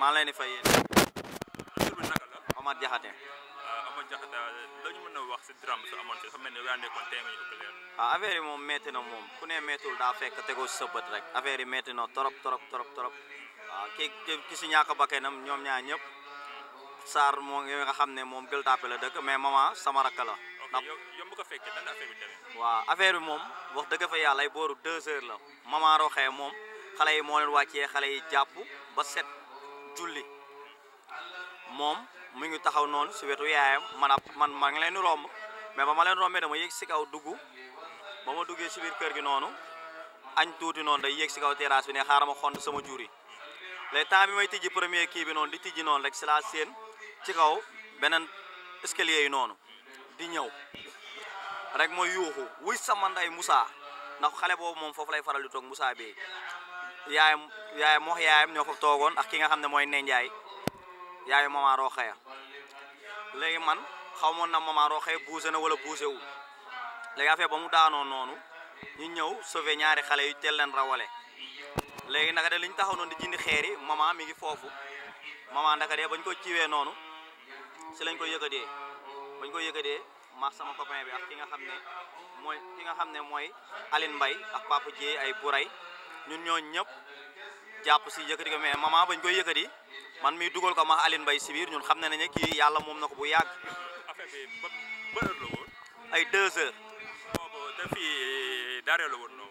maa leen fa fay yéen. tur bi naka la. Euh, euh, a wax si drame su ah, moom métti na moom ku ne méttiwul daa fekk tegoo si sa bët rek affaire yi métti na trop trop trop ah, ki si ñàkk bakkanam ñoom ñaar ñëpp Sarr moo ngi nga xam ne moom Gueule Tapée la dëkk mais maman sama rakk la. ndax yomb moom wax dëgg fa yàlla ay booru deux heures la maman Roxee moom xale yi moo leen wàccee xale yi jàpp ba set julli moom mu ngi taxaw noonu si wetu yaayam man man maa ngi leen di romb mais ba ma leen rombee dama yéeg si kaw dugg ba ma duggee si biir kër gi noonu añ tuuti noonu day yéeg si kaw terrasse bi ne xaaral ma xont sama jur yi léegi temps bi may tijji premier kii bi noonu di tijji noonu rek si laa séen ci kaw beneen escalier yi noonu di ñëw rek mooy yuuxu wuy sama ndey Moussa ndax xale boobu moom foofu lay faral di toog Moussa Beye yaay yaayam wax yaayam ñoo fa toogoon ak ki nga xam ne mooy Ndeye yaay yaayu maman Rokhaya léegi man xamoon na maman Rokhaya buuse na wala buuse wu léegi affaire ba mu daanoo noonu ñu ñëw sauver ñaari xale yu teel leen rawale léegi naka de li ñu taxaw noonu di jindi xeer yi maman mi ngi foofu maman naka de bañ ko ciwee noonu si lañ ko yëkkatee bañ koy yëkkatee ma sama copain bi ak ki nga xam ne mooy ki nga xam ne mooy Aline Mbaye ak papa Dieye ay Buray ñun ñooñ ñëpp jàpp si yëkkati ko mais maman bañ koy yëkkati man mi dugal ko max Aline Mbaye si biir ñun xam na ne kii yàlla moom na ko bu yàgg. affaire bi ba la woon. ay deux heures. boobu daara la woon noonu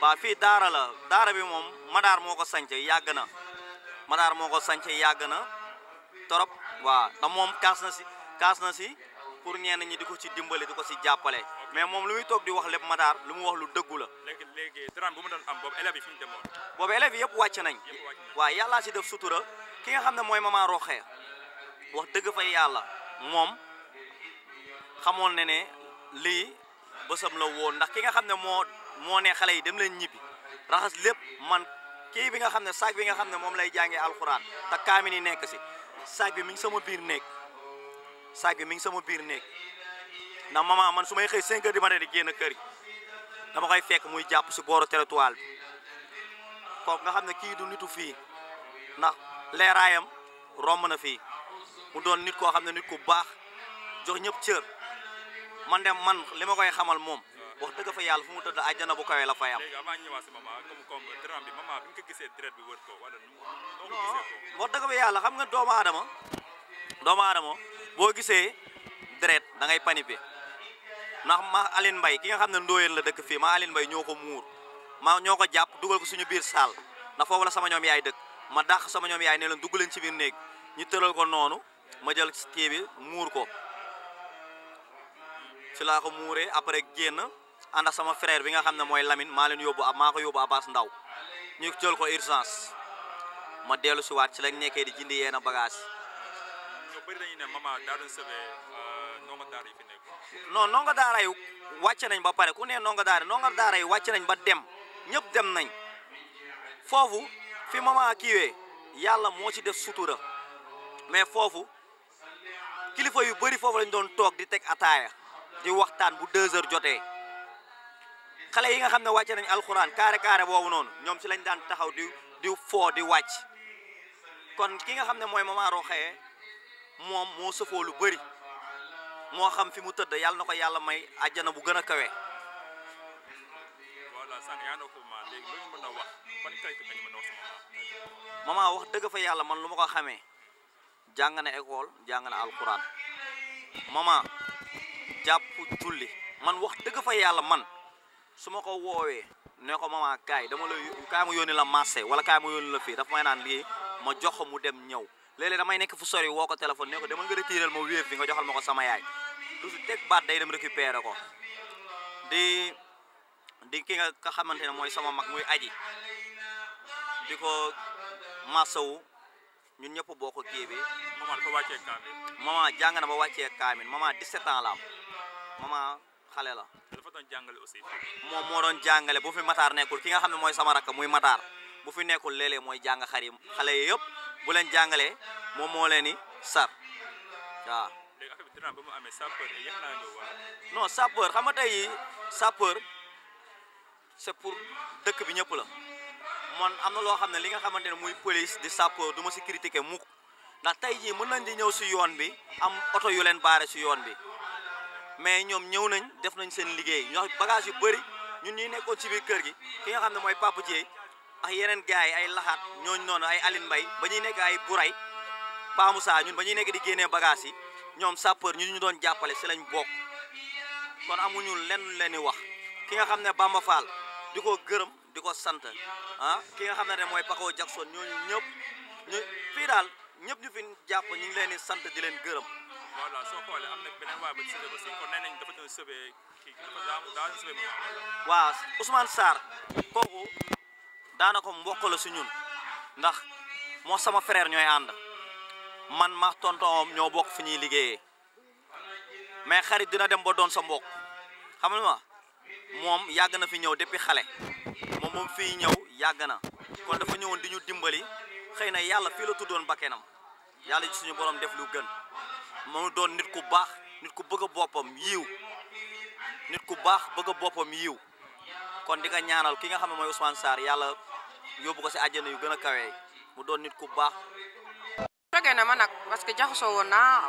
wala. ah. daara bi moom Madaar moo ko sànce yàgg na Madaar moo ko sànce yàgg na trop. waa te moom kaas na si kaas na si pour ñenn ñi di ko ci dimbali di ko si jàppale. mais moom lu muy toog di wax lépp Matar lu mu wax lu dëggu la. léegi léegi drame bu mu doon am boobu élèves yi fi ñu demoon. boobu élèves yi yëpp wàcc nañ. waaw yàllaa si def sutura ki nga xam ne mooy maman Roxee wax dëgg fa yàlla moom xamoon na ne lii bësam la woo ndax ki nga xam ne moo moo ne xale yi dem leen ñibbi raxas lépp man kii bi nga xam ne saak bi nga xam ne moom lay jàngee alxuraan te kaamini nekk si saak bi mi ngi sama biir néeg saag bi mi ngi sama biir néeg. ndax maman man su may xëy 5 heures di ma ne di génn kër dama koy fekk muy jàpp si booru territoire bi kooku nga xam ne kii du nitu fii ndax leeraayam romb na fii mu doon nit koo xam ne nit ku baax jox ñëpp cër man dem man li ma koy xamal moom wax dëgg fa yàlla fu mu tëdd àjjana bu kawe la fay am. léegi avant ñëwaat si maman comme comme drame bi maman gisee traite bi wër ko wala wax dëgg fa yàlla xam nga doomu aadama doomu aadama boo gisee dret da ngay bi ndax ma Aline mbay ki nga xam ne ndóoyeen la dëkk fii ma Aline Mbaye ñoo ko muur ma ñoo ko jàpp dugal ko suñu biir saal ndax foofu la sama ñoom yaay dëkk ma dàq sama ñoom yaay ne leen dugg leen ci biir néeg ñu tëral ko noonu ma jël kii bi muur ko ci laa ko muuree après génn ànd ak sama frère bi nga xam ne mooy Lamine maa leen yóbbu maa ko yóbbu Abass Ndaw ñu jël ko urgence ma dellu si waat ci la nekkee di jindi yenn bagage yi. bëri nañu non ndongo daara yi wàcc nañ ba pare ku ne ndongo daara ndongo daara yi wàcc nañ ba dem ñëpp dem nañ foofu fi mama kiiwee yàlla moo ci def sutura mais foofu kilifa yu bari foofu lañ doon toog di teg ataaya di waxtaan bu deux heures jotee xale yi nga xam ne wàcce nañ alxuraan carré carré boobu noonu ñoom ci lañ daan taxaw di di foo di wàcc kon ki nga xam ne mooy mama Rokhaya moom moo sëfoo lu bëri moo xam fi mu tëdd yàlla na ko yàlla may àjjana bu gën a kawe. voilà sànq ko a wax ban qualité nga wax sama dëgg fa yàlla man lu ma ko xamee jàng na école jàng na alquran maman jàpp julli man wax dëgg fa yàlla man su ma ko woowee ne ko maman kaay dama la kaay ma yónni la marché wala kaay ma yónni la fii dafa may naan lii ma jox mu dem ñëw léeg-léeg damay nekk fu sori woo ko téléphone ne ko demal nga retirel ma wéef bi nga joxal ma ko sama yaay du fi teg baat day dem récupérer ko di di ki nga xamante ne mooy sama mag muy aji di ko masawu ñun ñëpp boo ko kii bi. maman dafa wàccee kaamil. maman na ba wàccee kaamil maman 17 ans la am maman xale la. dafa doon jàngale aussi. moom moo doon jàngale bu fi mataar nekkul ki nga xam ne mooy sama rakk muy mataar bu fi nekkul léeg mooy jàng xar xale yi yëpp bu leen jàngalee moom moo leen di sar waaw. léegi affaire bi drame ba mu amee sapeur yëg naa ñëw wala. non tey sapeur c'est pour dëkk bi ñëpp la man am na loo xam ne li nga xamante ne muy police di sapeur duma ma si critiquer mukk ndax tey jii mën nañ di ñëw si yoon bi am oto yu leen baare si yoon bi mais ñoom ñëw nañ def nañ seen liggéey ñoo bagage yu bëri ñun ñuy nekkoon ci biir kër gi fi nga xam ne mooy Papa ji ak yeneen gars yi ay laxaat ñooñu noon ay Aline Mbaye ba ñuy nekk ay Buray Pa Moussa ñun ba ñuy nekk di génnee bagage yi ñoom sapeur ñu ñu doon jàppale si lañ bokk kon amuñu lenn leen di wax ki nga xam ne Bamba Fall di ko gërëm di ko sant ah, ki nga xam ne mooy Paco Jackson ñooñu ñëpp ñu fii daal ñëpp ñu fi jàpp ñu ngi leen di sant di leen gërëm. voilà soo xoolee am na beneen nañ dafa doon sauvé kii dafa daa kooku daanaka mbokk la si ñun ndax moo sama frère ñooy ànd. man ma tonton ñoo bokk fi ñuy liggéeyee mais xarit dina dem ba doon sa mbokk xam ma moom yàgg na fi ñëw depuis xale moom moom fii ñëw yàgg na kon dafa ñëwoon di ñu dimbali xëy na yàlla fii la tuddoon bakkenam yàlla ji suñu borom def lu gën mu doon nit ku baax nit ku bëgg a boppam yiw nit ku baax bëgg a boppam yiw kon di nga ñaanal ki nga xam ne mooy Ousmane Sarr yàlla yóbbu ko si àjjana yu gën a kawe mu doon nit ku baax na ma nag parce que jaxasoo woon naa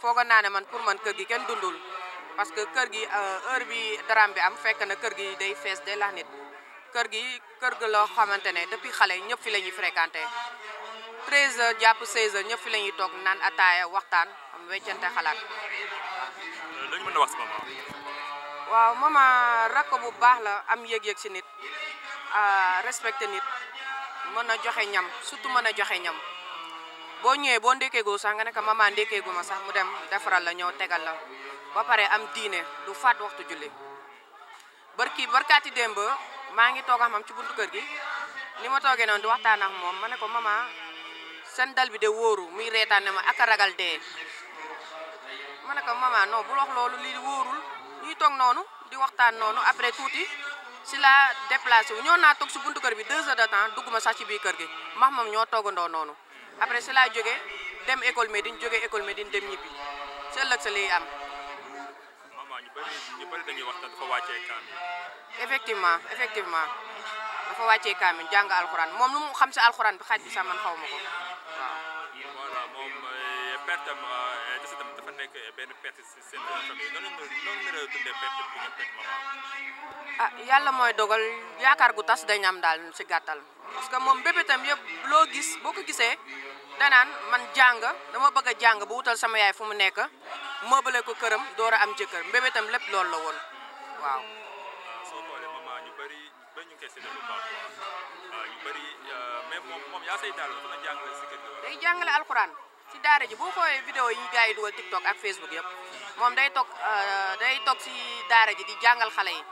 foogoon naa ne man pour man kër gi kenn dundul parce que kër gi euh, heure bi drame bi am fekk na kër gi day fees de lax nit kër gi kër gi loo xamante ne depuis xale ñëpp fi la ñuy fréquenté jàpp 16h ñëpp fi la toog naan ataaya waxtaan am weccante xalaat. Euh, lu ñu mën a wax bu baax la am yëg-yëg si nit a euh, respecté nit mën a joxe ñam surtout mën a joxe ñam. boo ñëwee boo ndékkeegoo sax nga nekka ko maman ndékkeegu ma sax mu dem defaral la ñëw tegal la ba pare am diine du faat waxtu julli barki barkaati démb maa ngi toog xam ci buntu kër gi ni ma toogee noonu di waxtaan ak moom ma ne ko maman seen dal bi de wóoru muy reetaan ne ma ak a ragal dee ma ne ko maman non loolu lii wóorul ñuy toog noonu di waxtaan noonu après tuuti si la déplacé u ñoo naa toog si buntu kër bi deux heures de temps dugg ma sax ci biir kër gi max moom ñoo toogandoo noonu après si laa jógee dem école Médine jógee école Médine dem ñibbi si ëllëg sa lay am. maman ñu bëri wàccee kaamil. effectivement effectivement dafa wàccee kaamil jàng alxuraan moom lu xam si alxuraan bi xaaj bi sax man xaw euh, euh, ma ko nekk ah yàlla mooy dogal yaakaar gu tas dañ am daal si gàttal parce que moom bébétam yépp loo gis boo ko gisee danaan man jàng dama bëgg a jàng ba wutal sama yaay fu mu nekk mëbale ko këram door a am jëkkër mbébétam lépp loolu la woon waaw. soo xoolee jàngale alxuraan. si daara ji boo xoolee vidéo yi gars yi dugal TikTok ak Facebook yëpp moom day toog euh, day toog si daara ji di jàngal xale yi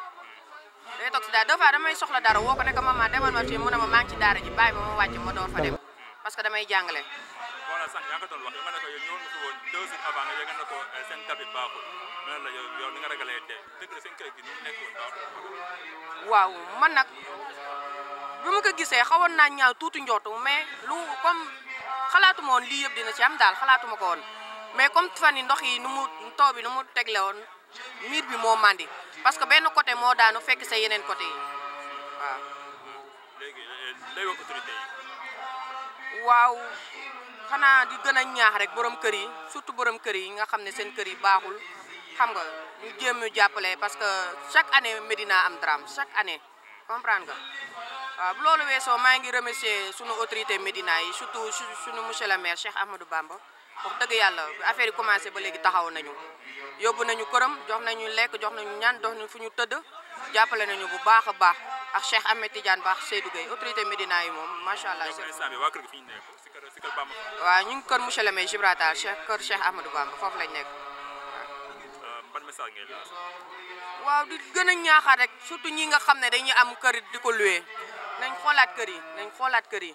day toog si daara des damay soxla dara woo ko ne ko maman demal ma fii mu ne ma maa ci daara ji bàyyi ma ma wàcc ma door fa dem parce que damay jàngale. voilà sax yaa ngi ko na euh, gi ni waaw man nag bi ma ko gisee xawoon naa ñaaw tuuti njootu mais lu comme. xalaatuma woon lii yëpp dina ci am daal xalaatuma ko woon mais comme fan yi ndox yi nu mu taw bi nu mu tegle woon miir bi moo mandi parce que benn côté moo daanu fekk sa yeneen côté yi waaw. léegi euh, xanaa di gën a ñaax rek borom kër yi surtout borom kër yi nga xam ne seen kër yi baaxul xam nga ñu jéem ñu jàppale parce que chaque année Médina am drame chaque année comprendre nga. waaw bu loolu weesoo maa ngi remercier sunu autorité Médina yi surtout sunu monsieur le maire Cheikh Ahmadou Bamba wax dëgg yàlla affaire yi commencé ba léegi taxaw nañu yóbbu nañu këram jox nañu lekk jox nañu ñaan jox nañu fu ñu tëdd jàppale nañu bu baax a baax ak Cheikh Ahmed Tidiane Ba Seydou Gueye autorité Médina yi moom macha allah. waaw ñu ngi kër monsieur le maire Gibraltar Cheikh kër Cheikh Ahmadou Bamba foofu lañ nekk euh, waaw. di gën a ñaaxaat rek surtout ñi nga xam ne dañuy am kër di ko loué nañ xoolaat kër yi nañ xoolaat kër yi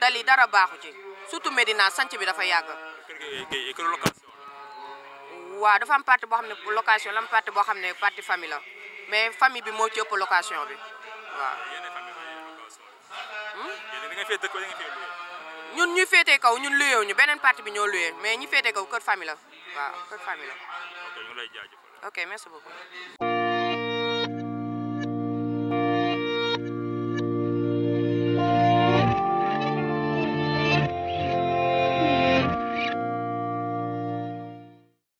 dali dara baaxu ci surtout Médina sanc bi dafa yàgg. waaw dafa am partie boo xam ne location la am partie boo xam ne partie famille mais famille bi moo ci ëpp location bi waaw. Hmm? ñun ñu féetee kaw ñun luyee ñu beneen partie bi ñoo luyee mais ñu féetee kaw kër famille la waaw kër famille ok merci beaucoup.